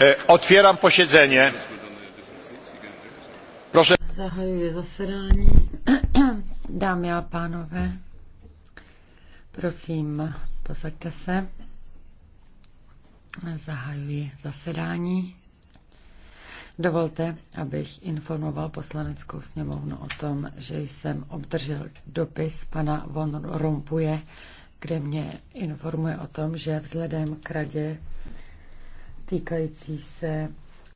E, Otvírám posiedzenie. Proszę. Zahajuji zasedání. Dámy a pánové, prosím, posaďte se. Zahajuji zasedání. Dovolte, abych informoval poslaneckou sněmovnu o tom, že jsem obdržel dopis pana von Rompuje, kde mě informuje o tom, že vzhledem k radě týkající se